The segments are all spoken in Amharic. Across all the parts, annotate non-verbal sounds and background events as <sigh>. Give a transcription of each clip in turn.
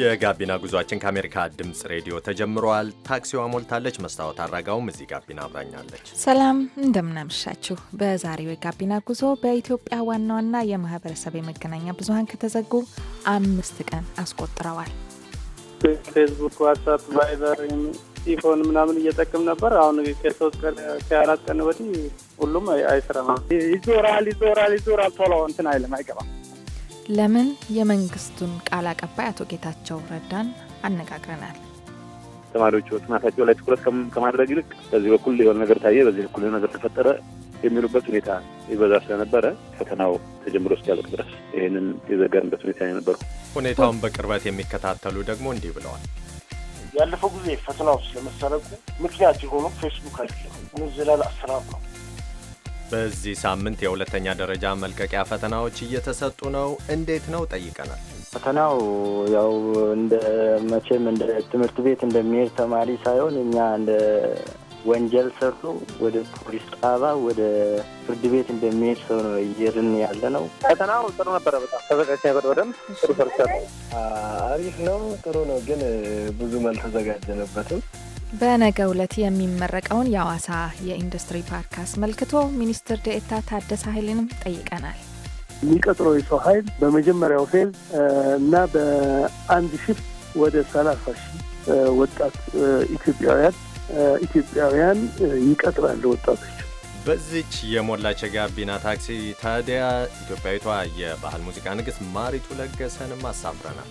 የጋቢና ጉዟችን ከአሜሪካ ድምፅ ሬዲዮ ተጀምረዋል። ታክሲዋ ሞልታለች። መስታወት አድራጋውም እዚህ ጋቢና አብራኛለች። ሰላም እንደምናመሻችሁ። በዛሬው የጋቢና ጉዞ በኢትዮጵያ ዋና ዋና የማህበረሰብ የመገናኛ ብዙሀን ከተዘጉ አምስት ቀን አስቆጥረዋል። ፌስቡክ፣ ዋትሳፕ፣ ቫይበር፣ ኢፎን ምናምን እየጠቅም ነበር። አሁን ከሶስት ቀን ከአራት ቀን ወዲህ ሁሉም አይሰራም። ይዞራል፣ ይዞራል፣ ይዞራል። ቶሎ እንትን አይልም፣ አይገባም ለምን የመንግስቱን ቃል አቀባይ አቶ ጌታቸው ረዳን አነጋግረናል። ተማሪዎች ጥናታቸው ላይ ትኩረት ከማድረግ ይልቅ በዚህ በኩል የሆነ ነገር ታየ፣ በዚህ በኩል የሆነ ነገር ተፈጠረ የሚሉበት ሁኔታ ይበዛ ስለነበረ ፈተናው ተጀምሮ እስኪያልቅ ድረስ ይህንን የዘገርንበት ሁኔታ የነበሩ ሁኔታውን በቅርበት የሚከታተሉ ደግሞ እንዲህ ብለዋል። ያለፈው ጊዜ ፈተናው ስለመሰረቁ ምክንያት የሆኑ ፌስቡክ አይደለም ዘላል አሰራር ነው በዚህ ሳምንት የሁለተኛ ደረጃ መልቀቂያ ፈተናዎች እየተሰጡ ነው። እንዴት ነው ጠይቀናል። ፈተናው ያው እንደ መቼም እንደ ትምህርት ቤት እንደሚሄድ ተማሪ ሳይሆን እኛ እንደ ወንጀል ሰርቶ ወደ ፖሊስ ጣባ ወደ ፍርድ ቤት እንደሚሄድ ሰው ነው እየሄድን ያለ ነው። ፈተናው ጥሩ ነበረ። በጣም ተዘጋጅ ነበር። በደምብ ጥሩ ሰርቻለሁ። አሪፍ ነው። ጥሩ ነው፣ ግን ብዙም አልተዘጋጀንበትም። በነገ ዕለት የሚመረቀውን የአዋሳ የኢንዱስትሪ ፓርክ አስመልክቶ ሚኒስትር ዴኤታ ታደሰ ኃይልንም ጠይቀናል። የሚቀጥረው የሰው ኃይል በመጀመሪያው ፌዝ እና በአንድ ሺፍት ወደ ሰላሳ ሺህ ወጣት ኢትዮጵያውያን ኢትዮጵያውያን ይቀጥራል ወጣቶች። በዚች የሞላች የጋቢና ታክሲ ታዲያ ኢትዮጵያዊቷ የባህል ሙዚቃ ንግሥት ማሪቱ ለገሰንም አሳፍረናል።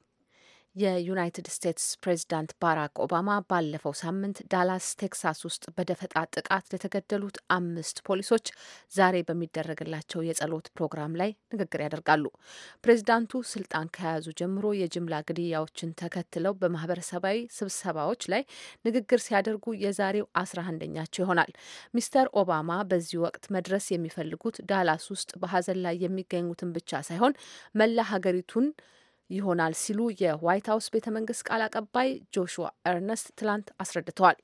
የዩናይትድ ስቴትስ ፕሬዚዳንት ባራክ ኦባማ ባለፈው ሳምንት ዳላስ ቴክሳስ ውስጥ በደፈጣ ጥቃት ለተገደሉት አምስት ፖሊሶች ዛሬ በሚደረግላቸው የጸሎት ፕሮግራም ላይ ንግግር ያደርጋሉ። ፕሬዚዳንቱ ስልጣን ከያዙ ጀምሮ የጅምላ ግድያዎችን ተከትለው በማህበረሰባዊ ስብሰባዎች ላይ ንግግር ሲያደርጉ የዛሬው አስራ አንደኛቸው ይሆናል። ሚስተር ኦባማ በዚህ ወቅት መድረስ የሚፈልጉት ዳላስ ውስጥ በሀዘን ላይ የሚገኙትን ብቻ ሳይሆን መላ ሀገሪቱን ይሆናል ሲሉ የዋይት ሀውስ ቤተ መንግስት ቃል አቀባይ ጆሹዋ ኤርነስት ትላንት አስረድተዋል።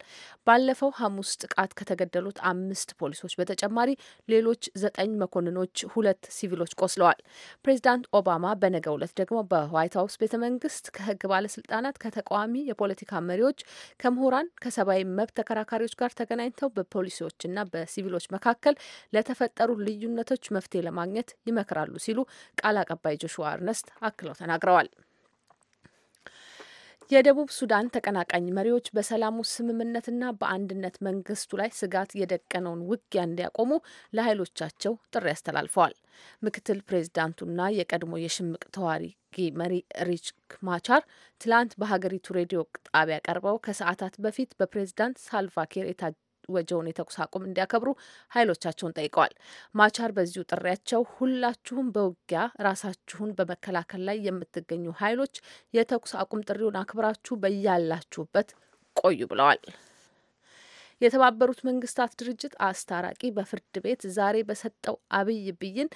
ባለፈው ሐሙስ ጥቃት ከተገደሉት አምስት ፖሊሶች በተጨማሪ ሌሎች ዘጠኝ መኮንኖች፣ ሁለት ሲቪሎች ቆስለዋል። ፕሬዚዳንት ኦባማ በነገው ዕለት ደግሞ በዋይት ሀውስ ቤተ መንግስት ከህግ ባለስልጣናት፣ ከተቃዋሚ የፖለቲካ መሪዎች፣ ከምሁራን፣ ከሰብአዊ መብት ተከራካሪዎች ጋር ተገናኝተው በፖሊሶችና በሲቪሎች መካከል ለተፈጠሩ ልዩነቶች መፍትሄ ለማግኘት ይመክራሉ ሲሉ ቃል አቀባይ ጆሹዋ ኤርነስት አክለው ተናግረዋል። ብለዋል። የደቡብ ሱዳን ተቀናቃኝ መሪዎች በሰላሙ ስምምነትና በአንድነት መንግስቱ ላይ ስጋት የደቀነውን ውጊያ እንዲያቆሙ ለኃይሎቻቸው ጥሪ አስተላልፈዋል። ምክትል ፕሬዚዳንቱና የቀድሞ የሽምቅ ተዋጊ መሪ ሪች ማቻር ትላንት በሀገሪቱ ሬዲዮ ጣቢያ ቀርበው ከሰዓታት በፊት በፕሬዚዳንት ሳልቫኪር የታ ወጀውን የተኩስ አቁም እንዲያከብሩ ኃይሎቻቸውን ጠይቀዋል። ማቻር በዚሁ ጥሪያቸው ሁላችሁም በውጊያ ራሳችሁን በመከላከል ላይ የምትገኙ ኃይሎች የተኩስ አቁም ጥሪውን አክብራችሁ በያላችሁበት ቆዩ ብለዋል። የተባበሩት መንግስታት ድርጅት አስታራቂ በፍርድ ቤት ዛሬ በሰጠው አብይ ብይን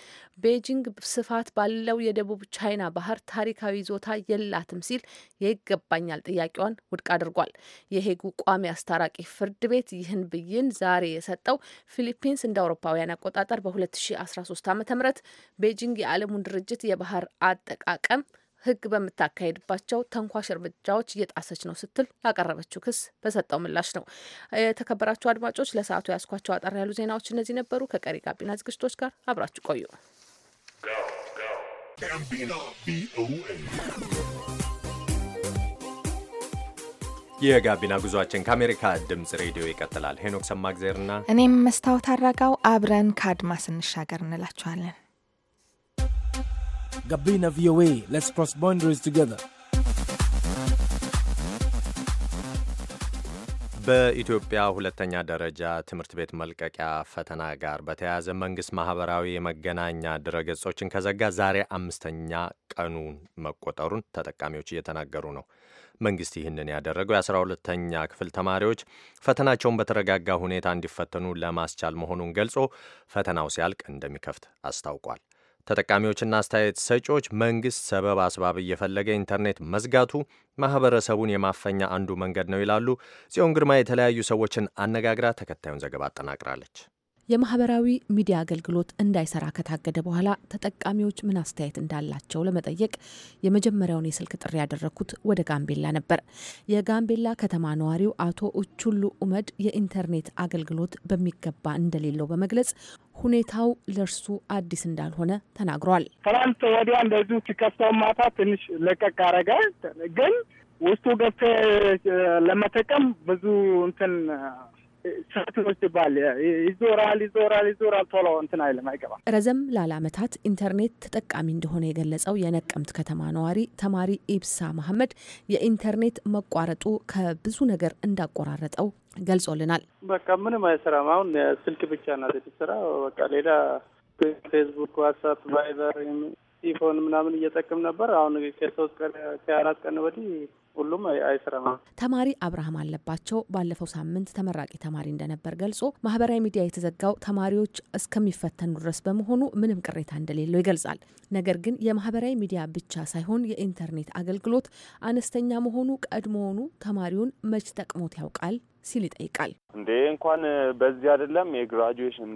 ቤጂንግ ስፋት ባለው የደቡብ ቻይና ባህር ታሪካዊ ይዞታ የላትም ሲል የይገባኛል ጥያቄዋን ውድቅ አድርጓል። የሄጉ ቋሚ አስታራቂ ፍርድ ቤት ይህን ብይን ዛሬ የሰጠው ፊሊፒንስ እንደ አውሮፓውያን አቆጣጠር በ2013 ዓ ም ቤጂንግ የዓለሙን ድርጅት የባህር አጠቃቀም ህግ በምታካሄድባቸው ተንኳሽ እርምጃዎች እየጣሰች ነው ስትል ላቀረበችው ክስ በሰጠው ምላሽ ነው። የተከበራችሁ አድማጮች ለሰዓቱ ያስኳቸው አጠር ያሉ ዜናዎች እነዚህ ነበሩ። ከቀሪ ጋቢና ዝግጅቶች ጋር አብራችሁ ቆዩ። የጋቢና ጉዟችን ከአሜሪካ ድምፅ ሬዲዮ ይቀጥላል። ሄኖክ ሰማግዜርና እኔም መስታወት አረጋው አብረን ከአድማስ እንሻገር እንላችኋለን። Gabina VOA. Let's cross boundaries together. በኢትዮጵያ ሁለተኛ ደረጃ ትምህርት ቤት መልቀቂያ ፈተና ጋር በተያያዘ መንግስት ማህበራዊ የመገናኛ ድረገጾችን ከዘጋ ዛሬ አምስተኛ ቀኑን መቆጠሩን ተጠቃሚዎች እየተናገሩ ነው። መንግስት ይህንን ያደረገው የአስራ ሁለተኛ ክፍል ተማሪዎች ፈተናቸውን በተረጋጋ ሁኔታ እንዲፈተኑ ለማስቻል መሆኑን ገልጾ ፈተናው ሲያልቅ እንደሚከፍት አስታውቋል። ተጠቃሚዎችና አስተያየት ሰጪዎች መንግሥት ሰበብ አስባብ እየፈለገ ኢንተርኔት መዝጋቱ ማኅበረሰቡን የማፈኛ አንዱ መንገድ ነው ይላሉ። ጽዮን ግርማ የተለያዩ ሰዎችን አነጋግራ ተከታዩን ዘገባ አጠናቅራለች። የማህበራዊ ሚዲያ አገልግሎት እንዳይሰራ ከታገደ በኋላ ተጠቃሚዎች ምን አስተያየት እንዳላቸው ለመጠየቅ የመጀመሪያውን የስልክ ጥሪ ያደረግኩት ወደ ጋምቤላ ነበር። የጋምቤላ ከተማ ነዋሪው አቶ እቹሉ ኡመድ የኢንተርኔት አገልግሎት በሚገባ እንደሌለው በመግለጽ ሁኔታው ለእርሱ አዲስ እንዳልሆነ ተናግሯል። ትናንት ወዲያ እንደዚሁ ሲከፍተው ማታ ትንሽ ለቀቅ አረገ፣ ግን ውስጡ ገብተህ ለመጠቀም ብዙ እንትን ሰዓት ይባል ይዞራል ይዞራል ይዞራል። ቶሎ እንትን አይልም አይገባም። ረዘም ላለ ዓመታት ኢንተርኔት ተጠቃሚ እንደሆነ የገለጸው የነቀምት ከተማ ነዋሪ ተማሪ ኢብሳ መሐመድ የኢንተርኔት መቋረጡ ከብዙ ነገር እንዳቆራረጠው ገልጾልናል። በቃ ምንም አይሰራም። አሁን ስልክ ብቻ ናት የምትሰራ። በቃ ሌላ ፌስቡክ፣ ዋትሳፕ፣ ቫይበር፣ ኢፎን ምናምን እየጠቅም ነበር። አሁን ከሶስት ቀን ከአራት ቀን ወዲህ ሁሉም አይሰራም። ተማሪ አብርሃም አለባቸው ባለፈው ሳምንት ተመራቂ ተማሪ እንደነበር ገልጾ ማህበራዊ ሚዲያ የተዘጋው ተማሪዎች እስከሚፈተኑ ድረስ በመሆኑ ምንም ቅሬታ እንደሌለው ይገልጻል። ነገር ግን የማህበራዊ ሚዲያ ብቻ ሳይሆን የኢንተርኔት አገልግሎት አነስተኛ መሆኑ ቀድሞውኑ ተማሪውን መች ጠቅሞት ያውቃል ሲል ይጠይቃል። እንዴ እንኳን በዚህ አይደለም የግራጁዌሽን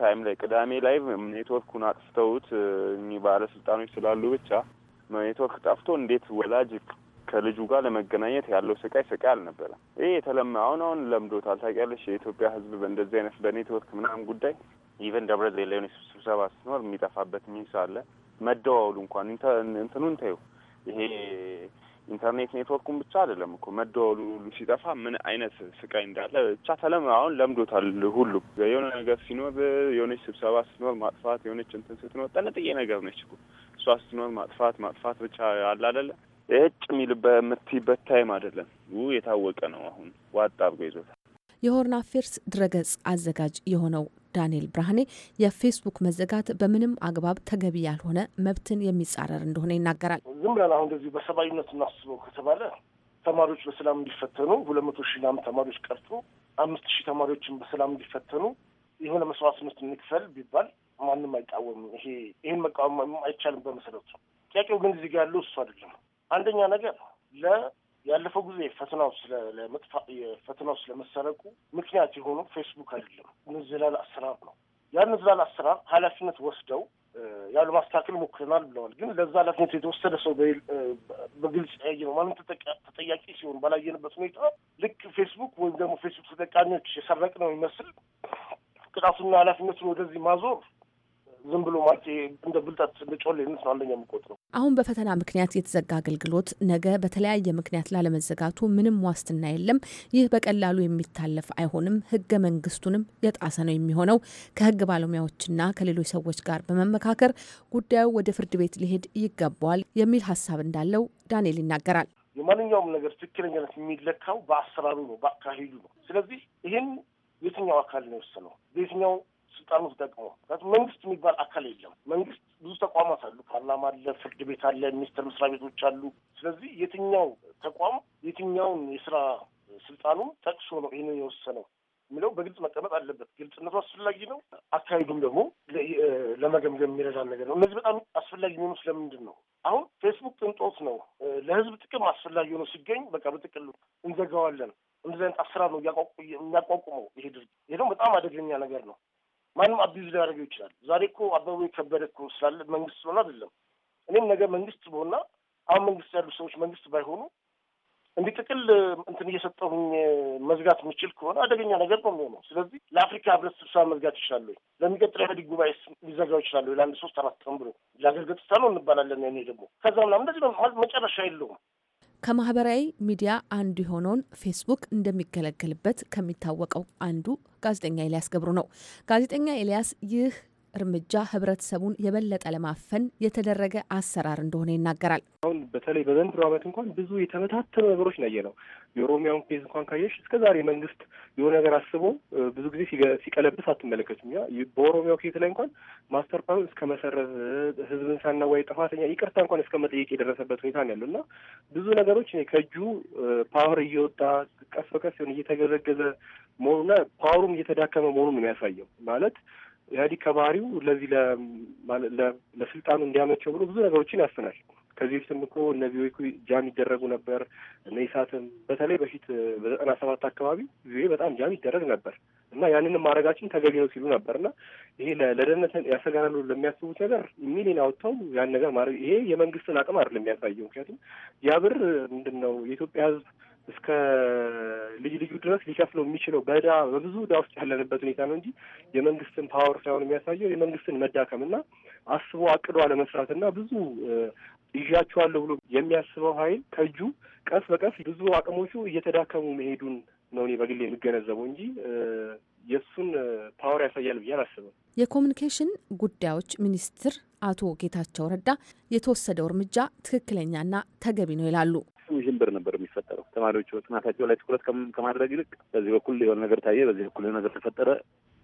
ታይም ላይ ቅዳሜ ላይ ኔትወርኩን አጥፍተውት ባለስልጣኖች ስላሉ ብቻ ኔትወርክ ጠፍቶ እንዴት ወላጅ ከልጁ ጋር ለመገናኘት ያለው ስቃይ ስቃይ አልነበረም። ይህ የተለመ አሁን አሁን ለምዶታል። ታውቂያለሽ፣ የኢትዮጵያ ሕዝብ በእንደዚህ አይነት በኔትወርክ ምናምን ጉዳይ ኢቨን ደብረ ዘይት ስብሰባ ሲኖር የሚጠፋበት ሚንስ አለ። መደዋወሉ እንኳን እንትኑ እንተዩ ይሄ ኢንተርኔት ኔትወርኩን ብቻ አይደለም እኮ መደዋወሉ ሁሉ ሲጠፋ ምን አይነት ስቃይ እንዳለ ብቻ ተለም አሁን ለምዶታል። ሁሉ የሆነ ነገር ሲኖር የሆነች ስብሰባ ስትኖር ማጥፋት፣ የሆነች እንትን ስትኖር ጠለጥዬ ነገር ነች እኮ እሷ ስትኖር ማጥፋት ማጥፋት ብቻ አለ አይደለ እጭ የሚል የምትይበት ታይም አይደለም። የታወቀ ነው። አሁን ዋጣ አድርጎ ይዞታል። የሆርን አፌርስ ድረገጽ አዘጋጅ የሆነው ዳንኤል ብርሃኔ የፌስቡክ መዘጋት በምንም አግባብ ተገቢ ያልሆነ መብትን የሚጻረር እንደሆነ ይናገራል። ዝም ብለን አሁን እንደዚህ በሰብአዊነት እናስበው ከተባለ ተማሪዎች በሰላም እንዲፈተኑ ሁለት መቶ ሺህ ምናምን ተማሪዎች ቀርቶ አምስት ሺህ ተማሪዎችን በሰላም እንዲፈተኑ የሆነ መስዋዕትነት እንክፈል ቢባል ማንም አይቃወምም። ይሄ ይህን መቃወም አይቻልም በመሰረቱ። ጥያቄው ግን እዚህ ጋር ያለው እሱ አይደለም። አንደኛ ነገር ለ ያለፈው ጊዜ ፈተናው ስለለመጥፋ ፈተናው ስለመሰረቁ ምክንያት የሆኑ ፌስቡክ አይደለም ንዝላል አሰራር ነው። ያን ንዝላል አሰራር ኃላፊነት ወስደው ያሉ ማስተካከል ሞክረናል ብለዋል። ግን ለዛ ኃላፊነት የተወሰደ ሰው በግልጽ ያየ ነው ማንም ተጠያቂ ሲሆን ባላየንበት ሁኔታ ልክ ፌስቡክ ወይም ደግሞ ፌስቡክ ተጠቃሚዎች የሰረቅ ነው ይመስል ቅጣቱና ኃላፊነቱን ወደዚህ ማዞር ዝም ብሎ ማ እንደ ብልጠት እንደ ጮሌነት ነው አንደኛ የምቆጥረው። አሁን በፈተና ምክንያት የተዘጋ አገልግሎት ነገ በተለያየ ምክንያት ላለመዘጋቱ ምንም ዋስትና የለም። ይህ በቀላሉ የሚታለፍ አይሆንም፣ ህገ መንግስቱንም የጣሰ ነው የሚሆነው። ከህግ ባለሙያዎችና ከሌሎች ሰዎች ጋር በመመካከር ጉዳዩ ወደ ፍርድ ቤት ሊሄድ ይገባዋል የሚል ሀሳብ እንዳለው ዳንኤል ይናገራል። የማንኛውም ነገር ትክክለኛነት የሚለካው በአሰራሩ ነው፣ በአካሄዱ ነው። ስለዚህ ይህን የትኛው አካል ነው የወሰነው? በየትኛው ውስጥ ደግሞ መንግስት የሚባል አካል የለም። መንግስት ብዙ ተቋማት አሉ። ፓርላማ አለ፣ ፍርድ ቤት አለ፣ ሚኒስቴር መስሪያ ቤቶች አሉ። ስለዚህ የትኛው ተቋም የትኛውን የስራ ስልጣኑ ጠቅሶ ነው ይህንን የወሰነው የሚለው በግልጽ መቀመጥ አለበት። ግልጽነቱ አስፈላጊ ነው። አካሄዱም ደግሞ ለመገምገም የሚረዳን ነገር ነው። እነዚህ በጣም አስፈላጊ የሚሆኑ ስለምንድን ነው? አሁን ፌስቡክ ቅንጦት ነው፣ ለህዝብ ጥቅም አስፈላጊ ሆኖ ሲገኝ በቃ በጥቅሉ እንዘጋዋለን። እንደዚህ አይነት አሰራር ነው የሚያቋቁመው ይሄ ድርጅት። ይሄ ደግሞ በጣም አደገኛ ነገር ነው። ማንም አቢዝ ሊያደርገው ይችላል። ዛሬ እኮ አበበ የከበደ እኮ ስላለ መንግስት ስለሆነ አይደለም። እኔም ነገ መንግስት በሆና አሁን መንግስት ያሉ ሰዎች መንግስት ባይሆኑ እንዲህ ጥቅል እንትን እየሰጠሁኝ መዝጋት የምችል ከሆነ አደገኛ ነገር ነው የሚሆነው። ስለዚህ ለአፍሪካ ህብረት ስብሰባ መዝጋት ይችላሉ። ለሚቀጥለው ኢህአዴግ ጉባኤ ሊዘጋው ይችላሉ። ለአንድ ሶስት አራት ቀን ብሎ ለአገር ገጽታ ነው እንባላለን። እኔ ደግሞ ከዛ ምናምን እንደዚህ መጨረሻ የለውም። ከማህበራዊ ሚዲያ አንዱ የሆነውን ፌስቡክ እንደሚገለገልበት ከሚታወቀው አንዱ ጋዜጠኛ ኤልያስ ገብሩ ነው። ጋዜጠኛ ኤልያስ ይህ እርምጃ ህብረተሰቡን የበለጠ ለማፈን የተደረገ አሰራር እንደሆነ ይናገራል። አሁን በተለይ በዘንድሮ ዓመት እንኳን ብዙ የተበታተኑ ነገሮች ነው የኦሮሚያውን ኬዝ እንኳን ካየሽ እስከ ዛሬ መንግስት የሆነ ነገር አስቦ ብዙ ጊዜ ሲቀለብስ አትመለከቱም። ያ በኦሮሚያው ኬዝ ላይ እንኳን ማስተር ፕላኑ እስከ መሰረዝ ህዝብን ሳናዋይ ጥፋተኛ ይቅርታ እንኳን እስከ መጠየቅ የደረሰበት ሁኔታ ነው ያለው እና ብዙ ነገሮች ከእጁ ፓወር እየወጣ ቀስ በቀስ ሲሆን እየተገዘገዘ መሆኑና ፓወሩም እየተዳከመ መሆኑን የሚያሳየው ማለት ኢህአዲግ ከባህሪው ለዚህ ለስልጣኑ እንዲያመቸው ብሎ ብዙ ነገሮችን ያስናል። ከዚህ በፊትም እኮ እነ ቪኦኤ ጃም ይደረጉ ነበር። እነ ኢሳትም በተለይ በፊት በዘጠና ሰባት አካባቢ ቪኦኤ በጣም ጃም ይደረግ ነበር እና ያንንም ማድረጋችን ተገቢ ነው ሲሉ ነበር እና ይሄ ለደህንነት ያሰጋናሉ ለሚያስቡት ነገር ሚሊን አውጥተው ያን ነገር ማድረግ ይሄ የመንግስትን አቅም አይደለም የሚያሳየው። ምክንያቱም ያ ብር ምንድን ነው የኢትዮጵያ ህዝብ እስከ ልዩ ልዩ ድረስ ሊከፍለው የሚችለው በዳ በብዙ ዕዳ ውስጥ ያለንበት ሁኔታ ነው እንጂ የመንግስትን ፓወር ሳይሆን የሚያሳየው የመንግስትን መዳከምና አስቦ አቅዶ አለመስራትና ብዙ ይዣቸዋለሁ ብሎ የሚያስበው ኃይል ከእጁ ቀስ በቀስ ብዙ አቅሞቹ እየተዳከሙ መሄዱን ነው እኔ በግሌ የሚገነዘበው እንጂ የእሱን ፓወር ያሳያል ብዬ አላስብም። የኮሚኒኬሽን ጉዳዮች ሚኒስትር አቶ ጌታቸው ረዳ የተወሰደው እርምጃ ትክክለኛና ተገቢ ነው ይላሉ። ውዥንብር ነበር የሚፈጠረው። ተማሪዎቹ ጥናታቸው ላይ ትኩረት ከማድረግ ይልቅ በዚህ በኩል የሆነ ነገር ታየ፣ በዚህ በኩል የሆነ ነገር ተፈጠረ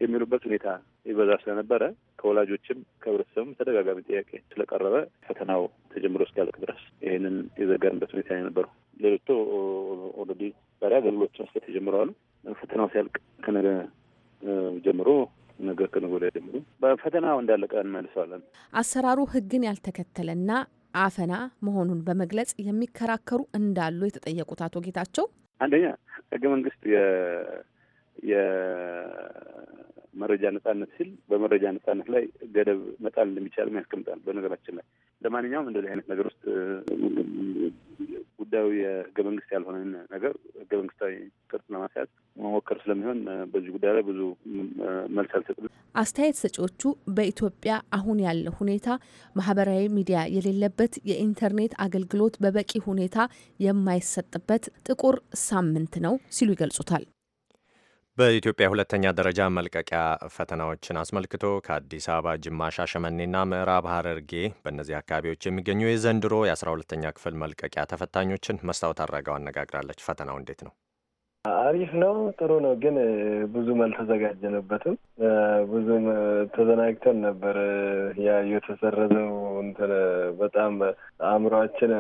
የሚሉበት ሁኔታ ይበዛ ስለነበረ ከወላጆችም ከህብረተሰቡም ተደጋጋሚ ጥያቄ ስለቀረበ ፈተናው ተጀምሮ እስኪያልቅ ድረስ ይህንን የዘጋንበት ሁኔታ የነበሩ ሌሎቹ ኦልሬዲ ዛሬ አገልግሎት መስጠት ጀምረዋል። ፈተናው ሲያልቅ ከነገ ጀምሮ ነገ ከነገ ወዲያ ጀምሮ በፈተናው እንዳለቀ እንመልሰዋለን። አሰራሩ ህግን ያልተከተለና አፈና መሆኑን በመግለጽ የሚከራከሩ እንዳሉ የተጠየቁት አቶ ጌታቸው አንደኛ ህገ መንግስት መረጃ ነጻነት ሲል በመረጃ ነጻነት ላይ ገደብ መጣል እንደሚቻልም ያስቀምጣል። በነገራችን ላይ ለማንኛውም እንደዚህ አይነት ነገር ውስጥ ጉዳዩ የህገ መንግስት ያልሆነን ነገር ህገ መንግስታዊ ቅርጽ ለማስያዝ መሞከር ስለሚሆን በዚህ ጉዳይ ላይ ብዙ መልስ አልሰጥም። አስተያየት ሰጪዎቹ በኢትዮጵያ አሁን ያለው ሁኔታ ማህበራዊ ሚዲያ የሌለበት፣ የኢንተርኔት አገልግሎት በበቂ ሁኔታ የማይሰጥበት ጥቁር ሳምንት ነው ሲሉ ይገልጹታል። በኢትዮጵያ ሁለተኛ ደረጃ መልቀቂያ ፈተናዎችን አስመልክቶ ከአዲስ አበባ፣ ጅማ፣ ሻሸመኔና ምዕራብ ሐረርጌ በእነዚህ አካባቢዎች የሚገኙ የዘንድሮ የ12ኛ ክፍል መልቀቂያ ተፈታኞችን መስታወት አድረገው አነጋግራለች። ፈተናው እንዴት ነው? አሪፍ ነው፣ ጥሩ ነው። ግን ብዙም አልተዘጋጀንበትም። ብዙም ተዘናግተን ነበር። ያ የተሰረዘው እንትን በጣም አእምሯችን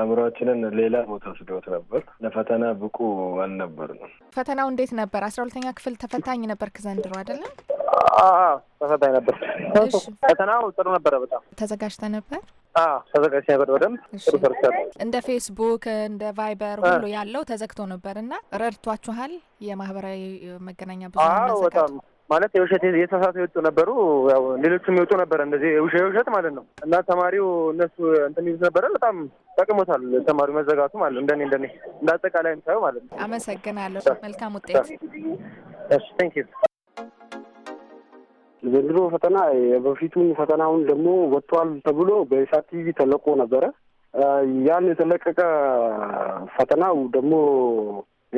አእምሯችንን ሌላ ቦታ ስዶት ነበር። ለፈተና ብቁ ነው። ፈተናው እንዴት ነበር? አስራ ሁለተኛ ክፍል ተፈታኝ ነበርክ ዘንድሮ አይደለም? ተፈታኝ ነበር። ፈተናው ጥሩ ነበረ። በጣም ተዘጋጅተ ነበር? ተዘጋጅ ነበር በደንብ እንደ ፌስቡክ እንደ ቫይበር ሁሉ ያለው ተዘግቶ ነበር እና ረድቷችኋል። የማህበራዊ መገናኛ ብዙ በጣም ማለት የውሸት የተሳሳቱ የወጡ ነበሩ። ያው ሌሎቹም የወጡ ነበረ እንደዚህ የውሸት ማለት ነው እና ተማሪው እነሱ እንትን ይዙ ነበረ። በጣም ጠቅሞታል ተማሪው መዘጋቱ ማለት ነው። እንደኔ እንደኔ እንደ አጠቃላይ ሳየው ማለት ነው። አመሰግናለሁ። መልካም ውጤት። ዩ። ዘንድሮ ፈተና በፊቱም ፈተናውን ደግሞ ወጥቷል ተብሎ በኢሳት ቲቪ ተለቆ ነበረ። ያን የተለቀቀ ፈተናው ደግሞ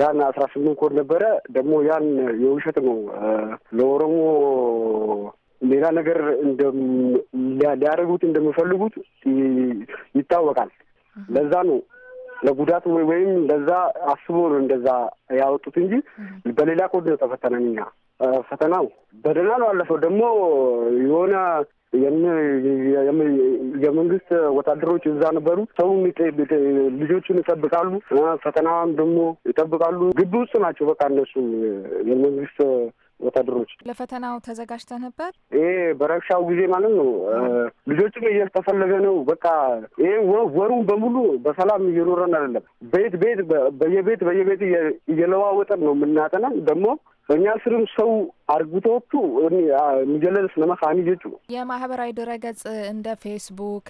ያን አስራ ስምንት ኮድ ነበረ ደግሞ ያን የውሸት ነው ለኦሮሞ ሌላ ነገር ሊያደርጉት እንደሚፈልጉት ይታወቃል። ለዛ ነው ለጉዳት ወይም ለዛ አስቦ ነው እንደዛ ያወጡት እንጂ በሌላ ኮድ ነው ተፈተነን እኛ ፈተናው በደህና ነው አለፈው። ደግሞ የሆነ የመንግስት ወታደሮች እዛ ነበሩ። ሰው ልጆቹን ይጠብቃሉ፣ ፈተናዋን ደግሞ ይጠብቃሉ። ግቢ ውስጥ ናቸው። በቃ እነሱ የመንግስት ወታደሮች ለፈተናው ተዘጋጅተ ነበር? ይሄ በረብሻው ጊዜ ማለት ነው። ልጆችም እየተፈለገ ነው። በቃ ይሄ ወሩን በሙሉ በሰላም እየኖረን አይደለም። ቤት ቤት በየቤት በየቤት እየለዋወጠን ነው የምናጠናን ደግሞ በእኛ ስርም ሰው አርጉቶቹ የሚገለልስ ለመካኒ ጀቹ የማህበራዊ ድረገጽ እንደ ፌስቡክ፣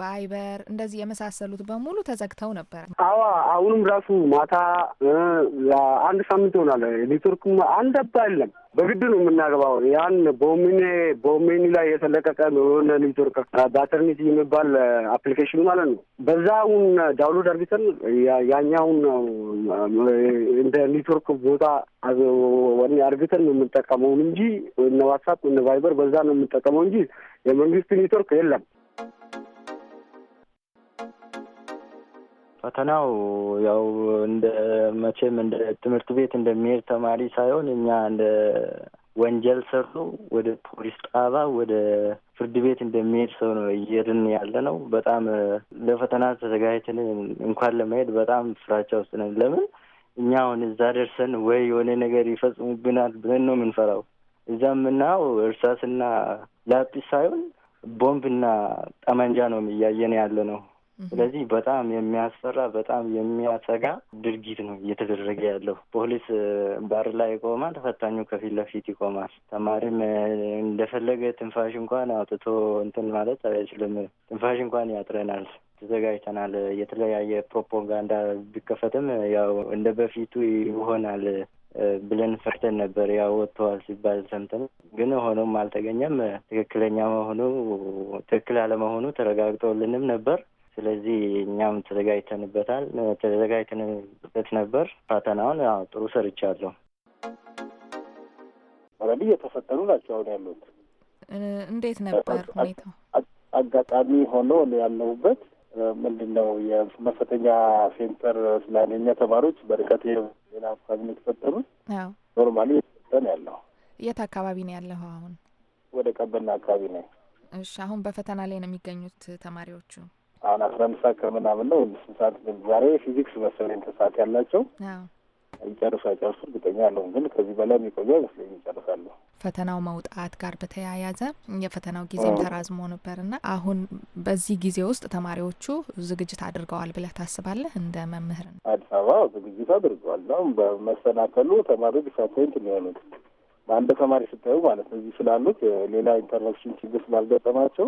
ቫይበር እንደዚህ የመሳሰሉት በሙሉ ተዘግተው ነበር። አዋ አሁንም ራሱ ማታ አንድ ሳምንት ይሆናል። ኔትወርክም አንድ አባ የለም። በግድ ነው የምናገባው። ያን ቦሚኔ ቦሚኒ ላይ የተለቀቀ የሆነ ኔትወርክ ባተርኒት የሚባል አፕሊኬሽን ማለት ነው። በዛ አሁን ዳውንሎድ አርግተን ያኛውን እንደ ኔትወርክ ቦታ አርግተን ነው የምንጠ የምንጠቀመውን እንጂ እነ ዋትሳፕ እነ ቫይበር በዛ ነው የምንጠቀመው እንጂ የመንግስት ኔትወርክ የለም። ፈተናው ያው እንደ መቼም እንደ ትምህርት ቤት እንደሚሄድ ተማሪ ሳይሆን እኛ እንደ ወንጀል ሰርቶ ወደ ፖሊስ ጣባ ወደ ፍርድ ቤት እንደሚሄድ ሰው ነው እየሄድን ያለ ነው። በጣም ለፈተና ተዘጋጅተን እንኳን ለመሄድ በጣም ፍራቻ ውስጥ ነን። ለምን እኛ አሁን እዛ ደርሰን ወይ የሆነ ነገር ይፈጽሙብናል ብለን ነው የምንፈራው። እዛ የምናየው እርሳስና ላጲስ ሳይሆን ቦምብና ጠመንጃ ነው እያየን ያለ ነው። ስለዚህ በጣም የሚያስፈራ በጣም የሚያሰጋ ድርጊት ነው እየተደረገ ያለው። ፖሊስ ባር ላይ ይቆማል፣ ተፈታኙ ከፊት ለፊት ይቆማል። ተማሪም እንደፈለገ ትንፋሽ እንኳን አውጥቶ እንትን ማለት አይችልም። ትንፋሽ እንኳን ያጥረናል። ተዘጋጅተናል። የተለያየ ፕሮፓጋንዳ ቢከፈትም ያው እንደ በፊቱ ይሆናል ብለን ፈርተን ነበር። ያው ወጥተዋል ሲባል ሰምተን ግን ሆኖም አልተገኘም። ትክክለኛ መሆኑ ትክክል አለመሆኑ ተረጋግጦልንም ነበር። ስለዚህ እኛም ተዘጋጅተንበታል ተዘጋጅተንበት ነበር። ፈተናውን ጥሩ ሰርቻለሁ። ረቢ የተፈተኑ ናቸው አሁን ያሉት። እንዴት ነበር ሁኔታው? አጋጣሚ ሆኖ ያለሁበት ምንድን ነው የመፈተኛ ሴንተር ስላለኛ ተማሪዎች በርቀት ሌላ አካባቢ ነው ኖርማሊ የተፈተን ያለው የት አካባቢ ነው ያለው? አሁን ወደ ቀበና አካባቢ ነው። እሺ፣ አሁን በፈተና ላይ ነው የሚገኙት ተማሪዎቹ። አሁን አስራ አምስት ሰዓት ከምናምን ነው ስንት ሰዓት ግን ዛሬ ፊዚክስ መሰለኝ ተሳት ያላቸው ይጨርሱ አይጨርሱ እርግጠኛ አለሁ፣ ግን ከዚህ በላይ የሚቆየ መስለኝ ይጨርሳሉ። ፈተናው መውጣት ጋር በተያያዘ የፈተናው ጊዜም ተራዝሞ ነበር ነበርና አሁን በዚህ ጊዜ ውስጥ ተማሪዎቹ ዝግጅት አድርገዋል ብለህ ታስባለህ? እንደ መምህር ነው አዲስ አበባ ዝግጅት አድርገዋል። አሁን በመሰናከሉ ተማሪዎች ዲስአፖይንት የሚሆኑት በአንድ ተማሪ ስታዩ ማለት ነው እዚህ ስላሉት ሌላ ኢንተርኔክሽን ችግር ስላልገጠማቸው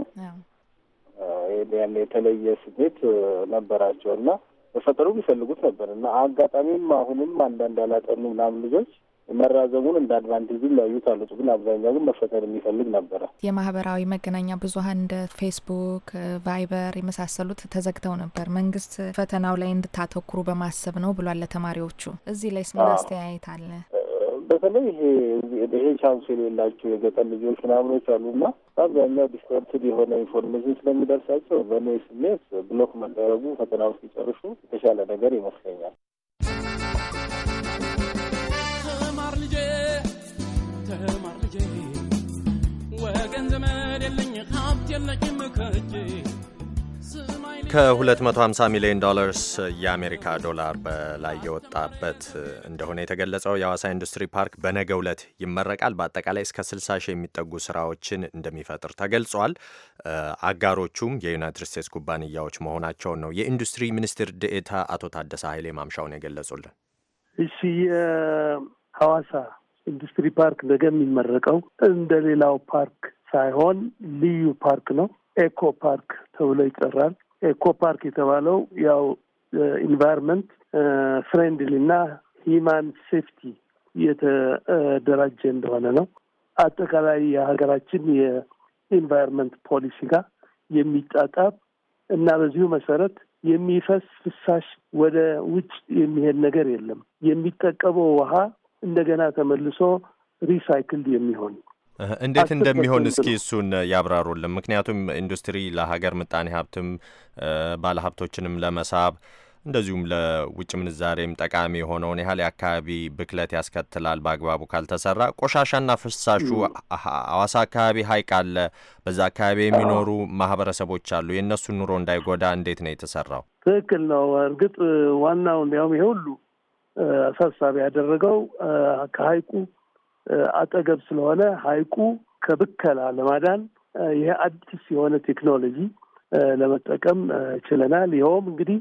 ያን የተለየ ስሜት ነበራቸው እና በፈጠሩ የሚፈልጉት ነበር እና አጋጣሚም አሁንም አንዳንድ ያላጠኑ ምናምን ልጆች መራዘሙን እንደ አድቫንቴጅ ሊያዩት አሉት። ግን አብዛኛው ግን መፈጠር የሚፈልግ ነበረ። የማህበራዊ መገናኛ ብዙሀን እንደ ፌስቡክ፣ ቫይበር የመሳሰሉት ተዘግተው ነበር። መንግስት ፈተናው ላይ እንድታተኩሩ በማሰብ ነው ብሏል ለተማሪዎቹ። እዚህ ላይ ስምን አስተያየት አለ? በተለይ ይሄ ይሄ ቻንሱ የሌላቸው የገጠር ልጆች ምናምኖች አሉና በአብዛኛው ዲስኮርትድ የሆነ ኢንፎርሜሽን ስለሚደርሳቸው በእኔ ስሜት ብሎክ መደረጉ ፈተናው ሲጨርሱ የተሻለ ነገር ይመስለኛል። ተማር ልጄ ተማር ልጄ ወገን ዘመድ የለኝ ሀብት የለኝም ከእጄ ከ250 ሚሊዮን ዶላርስ የአሜሪካ ዶላር በላይ የወጣበት እንደሆነ የተገለጸው የአዋሳ ኢንዱስትሪ ፓርክ በነገ ዕለት ይመረቃል። በአጠቃላይ እስከ 60 ሺህ የሚጠጉ ስራዎችን እንደሚፈጥር ተገልጿል። አጋሮቹም የዩናይትድ ስቴትስ ኩባንያዎች መሆናቸውን ነው የኢንዱስትሪ ሚኒስትር ድኤታ አቶ ታደሰ ኃይሌ ማምሻውን የገለጹልን። እሺ የሐዋሳ ኢንዱስትሪ ፓርክ ነገ የሚመረቀው እንደ ሌላው ፓርክ ሳይሆን ልዩ ፓርክ ነው። ኤኮ ፓርክ ተብሎ ይጠራል። ፓርክ የተባለው ያው ኢንቫይሮንመንት ፍሬንድሊ እና ሂማን ሴፍቲ የተደራጀ እንደሆነ ነው። አጠቃላይ የሀገራችን የኢንቫይሮንመንት ፖሊሲ ጋር የሚጣጣም እና በዚሁ መሰረት የሚፈስ ፍሳሽ ወደ ውጭ የሚሄድ ነገር የለም። የሚጠቀመው ውሃ እንደገና ተመልሶ ሪሳይክል የሚሆን እንዴት እንደሚሆን እስኪ እሱን ያብራሩልን። ምክንያቱም ኢንዱስትሪ ለሀገር ምጣኔ ሀብትም ባለሀብቶችንም ለመሳብ እንደዚሁም ለውጭ ምንዛሬም ጠቃሚ የሆነውን ያህል የአካባቢ ብክለት ያስከትላል በአግባቡ ካልተሰራ። ቆሻሻና ፍሳሹ አዋሳ አካባቢ ሀይቅ አለ። በዛ አካባቢ የሚኖሩ ማህበረሰቦች አሉ። የእነሱን ኑሮ እንዳይጎዳ እንዴት ነው የተሰራው? ትክክል ነው። እርግጥ ዋናው እንዲያውም ይሄ ሁሉ አሳሳቢ ያደረገው ከሀይቁ አጠገብ ስለሆነ ሀይቁ ከብከላ ለማዳን ይሄ አዲስ የሆነ ቴክኖሎጂ ለመጠቀም ችለናል። ይኸውም እንግዲህ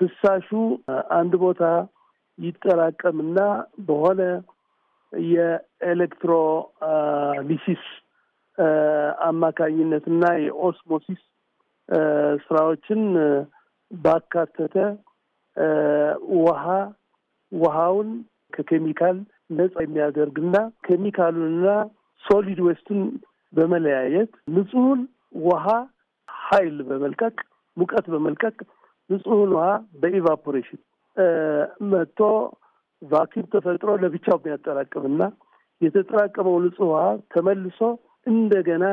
ፍሳሹ አንድ ቦታ ይጠራቀምና በሆነ የኤሌክትሮሊሲስ አማካኝነትና የኦስሞሲስ ስራዎችን ባካተተ ውሃ ውሃውን ከኬሚካል ነጻ የሚያደርግና ኬሚካሉንና ሶሊድ ዌስቱን በመለያየት ንጹህን ውሃ ኃይል በመልቀቅ ሙቀት በመልቀቅ ንጹህን ውሃ በኢቫፖሬሽን መጥቶ ቫኪም ተፈጥሮ ለብቻው የሚያጠራቅምና የተጠራቀመው ንጹህ ውሃ ተመልሶ እንደገና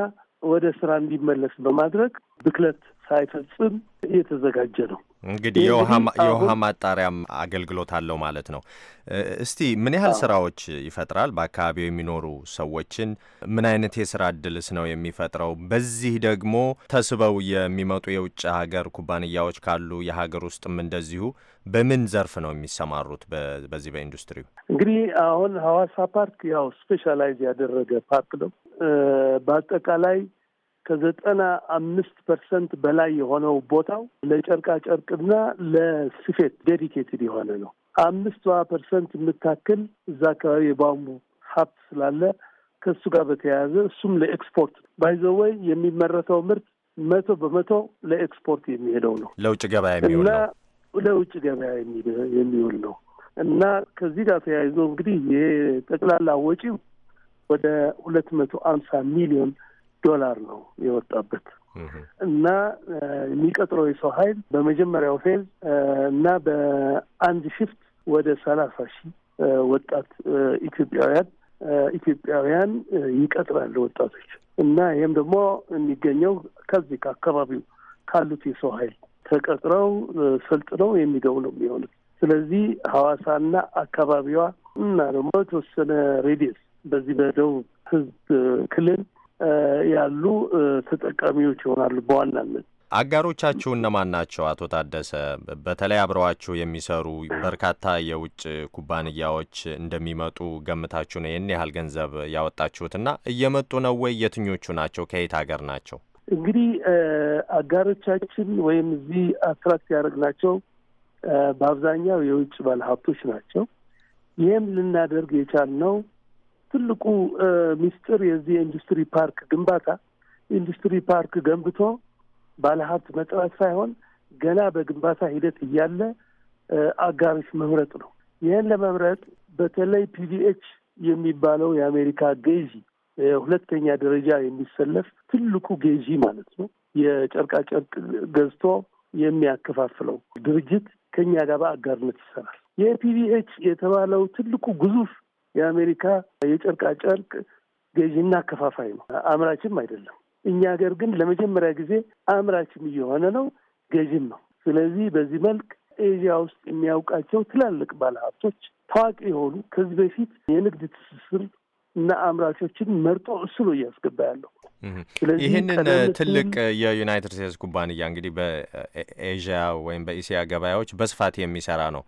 ወደ ስራ እንዲመለስ በማድረግ ብክለት ሳይፈጽም እየተዘጋጀ ነው። እንግዲህ የውሃ ማጣሪያም አገልግሎት አለው ማለት ነው። እስቲ ምን ያህል ስራዎች ይፈጥራል? በአካባቢው የሚኖሩ ሰዎችን ምን አይነት የስራ እድልስ ነው የሚፈጥረው? በዚህ ደግሞ ተስበው የሚመጡ የውጭ ሀገር ኩባንያዎች ካሉ የሀገር ውስጥም እንደዚሁ በምን ዘርፍ ነው የሚሰማሩት? በዚህ በኢንዱስትሪው እንግዲህ አሁን ሀዋሳ ፓርክ ያው ስፔሻላይዝ ያደረገ ፓርክ ነው። በአጠቃላይ ከዘጠና አምስት ፐርሰንት በላይ የሆነው ቦታው ለጨርቃ ጨርቅና ለስፌት ዴዲኬትድ የሆነ ነው። አምስቷ ፐርሰንት የምታክል እዛ አካባቢ የባሙ ሀብት ስላለ ከእሱ ጋር በተያያዘ እሱም ለኤክስፖርት ባይዘወይ የሚመረተው ምርት መቶ በመቶ ለኤክስፖርት የሚሄደው ነው። ለውጭ ገበያ የሚውል ነው። ለውጭ ገበያ የሚውል ነው እና ከዚህ ጋር ተያይዞ እንግዲህ ይሄ ጠቅላላ ወጪው ወደ ሁለት መቶ አምሳ ሚሊዮን ዶላር ነው የወጣበት እና የሚቀጥረው የሰው ኃይል በመጀመሪያው ፌዝ እና በአንድ ሽፍት ወደ ሰላሳ ሺህ ወጣት ኢትዮጵያውያን ኢትዮጵያውያን ይቀጥራል ወጣቶች እና ይህም ደግሞ የሚገኘው ከዚህ ከአካባቢው ካሉት የሰው ኃይል ተቀጥረው ሰልጥነው የሚገቡ ነው የሚሆኑት። ስለዚህ ሐዋሳና አካባቢዋ እና ደግሞ የተወሰነ ሬዲየስ በዚህ በደቡብ ህዝብ ክልል ያሉ ተጠቃሚዎች ይሆናሉ በዋናነት። አጋሮቻችሁ እነማን ናቸው? አቶ ታደሰ፣ በተለይ አብረዋችሁ የሚሰሩ በርካታ የውጭ ኩባንያዎች እንደሚመጡ ገምታችሁ ነው ይህን ያህል ገንዘብ ያወጣችሁትና እየመጡ ነው ወይ? የትኞቹ ናቸው? ከየት ሀገር ናቸው? እንግዲህ አጋሮቻችን ወይም እዚህ አትራክት ያደረግናቸው በአብዛኛው የውጭ ባለሀብቶች ናቸው። ይህም ልናደርግ የቻልነው ትልቁ ሚስጥር የዚህ የኢንዱስትሪ ፓርክ ግንባታ ኢንዱስትሪ ፓርክ ገንብቶ ባለሀብት መጥራት ሳይሆን ገና በግንባታ ሂደት እያለ አጋሮች መምረጥ ነው። ይህን ለመምረጥ በተለይ ፒቪኤች የሚባለው የአሜሪካ ገዢ ሁለተኛ ደረጃ የሚሰለፍ ትልቁ ገዢ ማለት ነው። የጨርቃጨርቅ ገዝቶ የሚያከፋፍለው ድርጅት ከኛ ጋር በአጋርነት ይሰራል። የፒቪኤች የተባለው ትልቁ ግዙፍ የአሜሪካ የጨርቃጨርቅ ገዢና አከፋፋይ ነው፣ አምራችም አይደለም። እኛ ሀገር ግን ለመጀመሪያ ጊዜ አምራችም እየሆነ ነው፣ ገዢም ነው። ስለዚህ በዚህ መልክ ኤዥያ ውስጥ የሚያውቃቸው ትላልቅ ባለሀብቶች ታዋቂ የሆኑ ከዚህ በፊት የንግድ ትስስር እና አምራቾችን መርጦ እሱ እያስገባ ያለው። ይህንን ትልቅ የዩናይትድ ስቴትስ ኩባንያ እንግዲህ በኤዥያ ወይም በኢሲያ ገበያዎች በስፋት የሚሰራ ነው።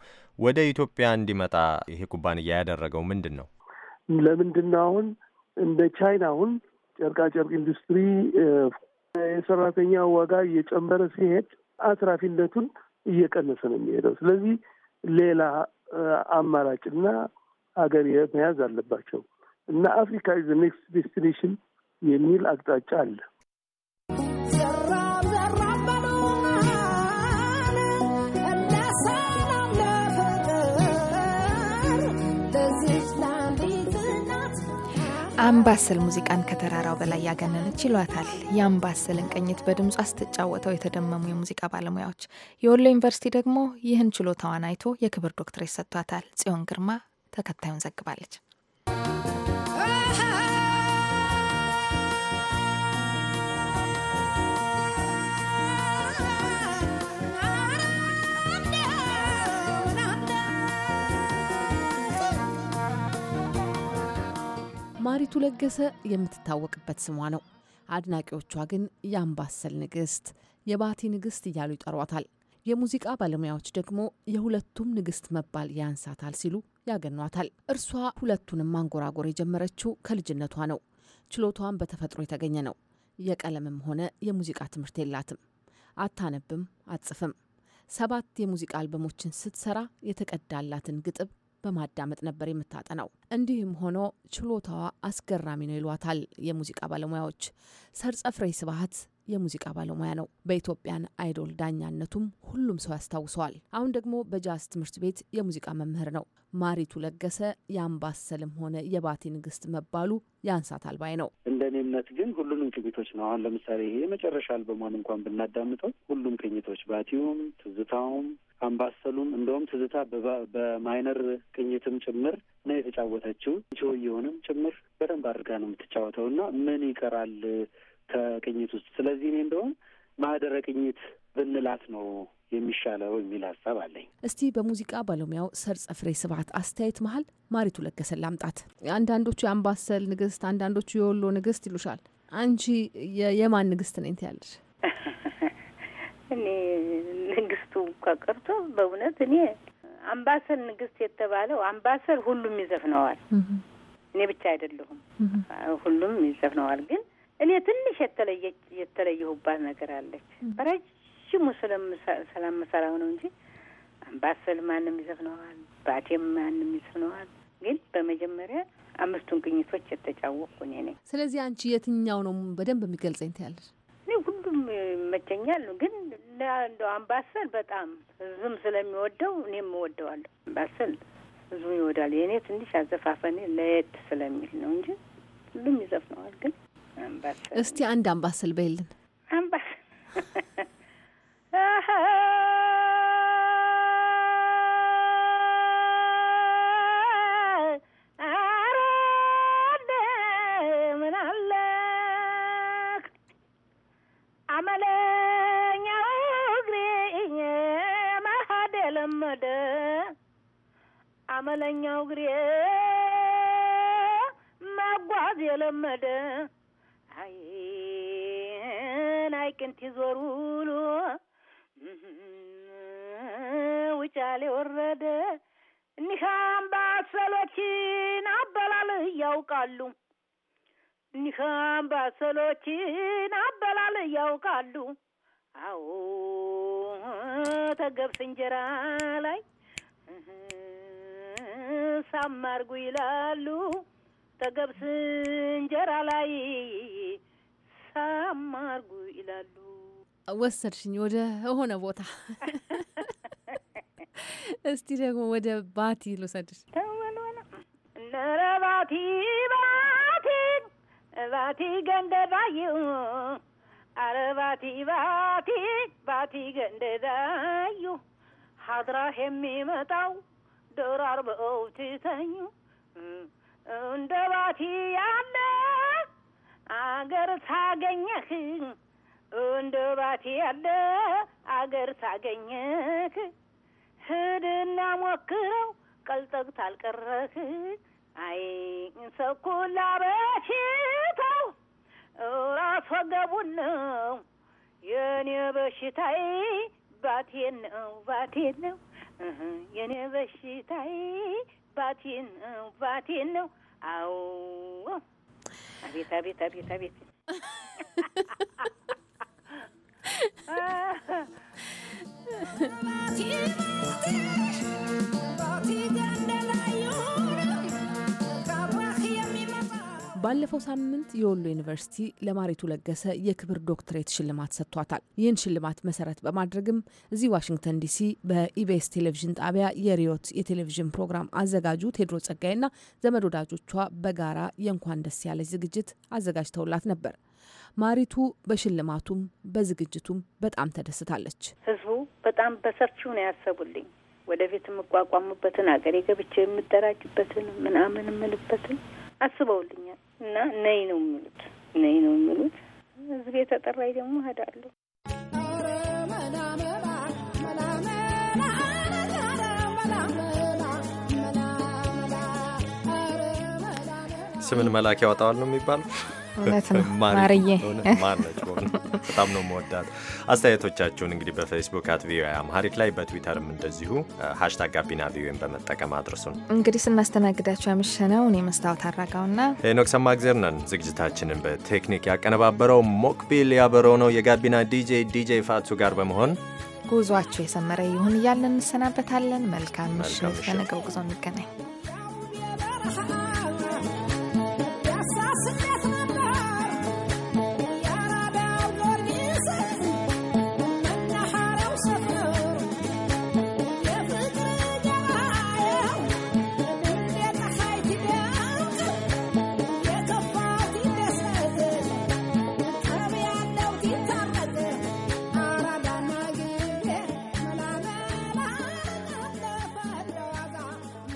ወደ ኢትዮጵያ እንዲመጣ ይሄ ኩባንያ ያደረገው ምንድን ነው? ለምንድን ነው አሁን እንደ ቻይና አሁን ጨርቃጨርቅ ኢንዱስትሪ የሰራተኛ ዋጋ እየጨመረ ሲሄድ አትራፊነቱን እየቀነሰ ነው የሚሄደው። ስለዚህ ሌላ አማራጭና ሀገር መያዝ አለባቸው እና አፍሪካ ኢዝ ኔክስት ዴስቲኔሽን የሚል አቅጣጫ አለ። አምባሰል ሙዚቃን ከተራራው በላይ ያገነነች ይሏታል። የአምባሰልን ቅኝት በድምጿ ስትጫወተው የተደመሙ የሙዚቃ ባለሙያዎች፣ የወሎ ዩኒቨርሲቲ ደግሞ ይህን ችሎታዋን አይቶ የክብር ዶክትሬት ሰጥቷታል። ጽዮን ግርማ ተከታዩን ዘግባለች። ማሪቱ ለገሰ የምትታወቅበት ስሟ ነው። አድናቂዎቿ ግን የአምባሰል ንግስት፣ የባቲ ንግስት እያሉ ይጠሯታል። የሙዚቃ ባለሙያዎች ደግሞ የሁለቱም ንግስት መባል ያንሳታል ሲሉ ያገኗታል። እርሷ ሁለቱንም ማንጎራጎር የጀመረችው ከልጅነቷ ነው። ችሎቷን በተፈጥሮ የተገኘ ነው። የቀለምም ሆነ የሙዚቃ ትምህርት የላትም። አታነብም፣ አትጽፍም። ሰባት የሙዚቃ አልበሞችን ስትሰራ የተቀዳላትን ግጥም በማዳመጥ ነበር የምታጠናው። እንዲህም ሆኖ ችሎታዋ አስገራሚ ነው ይሏታል የሙዚቃ ባለሙያዎች። ሰርጸፍሬ ስብሀት የሙዚቃ ባለሙያ ነው። በኢትዮጵያን አይዶል ዳኛነቱም ሁሉም ሰው ያስታውሰዋል። አሁን ደግሞ በጃዝ ትምህርት ቤት የሙዚቃ መምህር ነው። ማሪቱ ለገሰ የአምባሰልም ሆነ የባቲ ንግስት መባሉ የአንሳት አልባይ ነው። እንደ እኔ እምነት ግን ሁሉንም ቅኝቶች ነው። አሁን ለምሳሌ ይሄ የመጨረሻ አልበሟን እንኳን ብናዳምጠው ሁሉም ቅኝቶች ባቲውም፣ ትዝታውም፣ አምባሰሉም እንደውም ትዝታ በማይነር ቅኝትም ጭምር ነው የተጫወተችው። የሆንም ጭምር በደንብ አድርጋ ነው የምትጫወተው እና ምን ይቀራል ከቅኝት ውስጥ? ስለዚህ እኔ እንደውም ማህደረ ቅኝት ብንላት ነው የሚሻለው የሚል ሀሳብ አለኝ። እስቲ በሙዚቃ ባለሙያው ሰርጸ ፍሬ ስብሐት አስተያየት መሀል ማሪቱ ለገሰን ላምጣት። አንዳንዶቹ የአምባሰል ንግስት፣ አንዳንዶቹ የወሎ ንግስት ይሉሻል። አንቺ የማን ንግስት ነኝ ትያለሽ? መንግስቱ እንኳ ቀርቶ በእውነት እኔ አምባሰል ንግስት የተባለው አምባሰል ሁሉም ይዘፍነዋል። እኔ ብቻ አይደለሁም፣ ሁሉም ይዘፍነዋል። ግን እኔ ትንሽ የተለየች የተለየሁባት ነገር አለች። በረጅሙ ስለምሰራው ነው እንጂ አምባሰል ማንም ይዘፍነዋል፣ ባቴም ማንም ይዘፍነዋል። ግን በመጀመሪያ አምስቱን ቅኝቶች የተጫወቅኩ እኔ ነኝ። ስለዚህ አንቺ የትኛው ነው በደንብ የሚገልጸኝ ትያለሽ? ይመቸኛል። ግን ለእንደው አምባሰል በጣም ህዝብም ስለሚወደው እኔም እወደዋለሁ። አምባሰል ህዝቡ ይወዳል። የእኔ ትንሽ አዘፋፈኔ ለየት ስለሚል ነው እንጂ ሁሉም ይዘፍነዋል። ግን አምባሰል እስቲ አንድ አምባሰል በይልን። አምባሰል <laughs> በኋለኛው ግሬ መጓዝ የለመደ አይን አይቅንት ይዞር ውሎ ውጫሌ ወረደ። እኒህ ባሰሎችን አበላል እያውቃሉ እኒህ ባሰሎችን አበላል እያውቃሉ አዎ ተገብስ እንጀራ ላይ ሳማርጉ ይላሉ ተገብስ እንጀራ ላይ ሳማርጉ ይላሉ። ወሰድሽኝ ወደ ሆነ ቦታ። <laughs> እስቲ ደግሞ ወደ ባቲ ልውሰድሽ። ነረ ባቲ ባቲ ባቲ ገንደዳዩ አረ ባቲ ባቲ ባቲ ገንደዳዩ ሀድራ የሚመጣው ደራርበው ትተኙ እንደ ባቲ ያለ አገር ታገኘህ እንደ ባቲ ያለ አገር ታገኘህ ሂድና ሞክረው ቀልጠግ ታልቀረህ አይ እንሰኩላ በሽታው ራስ ወገቡን ነው የኔ በሽታዬ ባቴን ነው ባቴን ነው የኔ በሽታይ ባቴን ነው ባቴን ነው። አዎ አቤት አቤት አቤት አቤት <laughs> ባለፈው ሳምንት የወሎ ዩኒቨርሲቲ ለማሪቱ ለገሰ የክብር ዶክትሬት ሽልማት ሰጥቷታል። ይህን ሽልማት መሰረት በማድረግም እዚህ ዋሽንግተን ዲሲ በኢቢኤስ ቴሌቪዥን ጣቢያ የሪዮት የቴሌቪዥን ፕሮግራም አዘጋጁ ቴድሮ ጸጋይና ዘመድ ወዳጆቿ በጋራ የእንኳን ደስ ያለች ዝግጅት አዘጋጅተውላት ነበር። ማሪቱ በሽልማቱም በዝግጅቱም በጣም ተደስታለች። ህዝቡ በጣም በሰፊው ነው ያሰቡልኝ። ወደፊት የምቋቋምበትን ሀገሬ ገብቼ የምደራጅበትን ምናምን የምልበትን አስበውልኛል። እና ነይ ነው የሚሉት ነይ ነው የሚሉት። ህዝብ የተጠራኝ ደግሞ እሄዳለሁ። ስምን መላክ ያወጣዋል ነው የሚባለው። እውነት ነው ማርዬ ማነች። በጣም ነው መወዳት። አስተያየቶቻችሁን እንግዲህ በፌስቡክ አት ቪኦኤ አምሃሪክ ላይ በትዊተርም እንደዚሁ ሀሽታግ ጋቢና ቪኦኤን በመጠቀም አድርሱን። እንግዲህ ስናስተናግዳችሁ ያመሸነው እኔ መስታወት አራጋውና ሄኖክ ሰማእግዜር ነን። ዝግጅታችንን በቴክኒክ ያቀነባበረው ሞክቢል ያበረው ነው። የጋቢና ዲጄ ዲጄ ፋቱ ጋር በመሆን ጉዟችሁ የሰመረ ይሁን እያልን እንሰናበታለን። መልካም ምሽት። ለነገው ጉዞ እንገናኝ።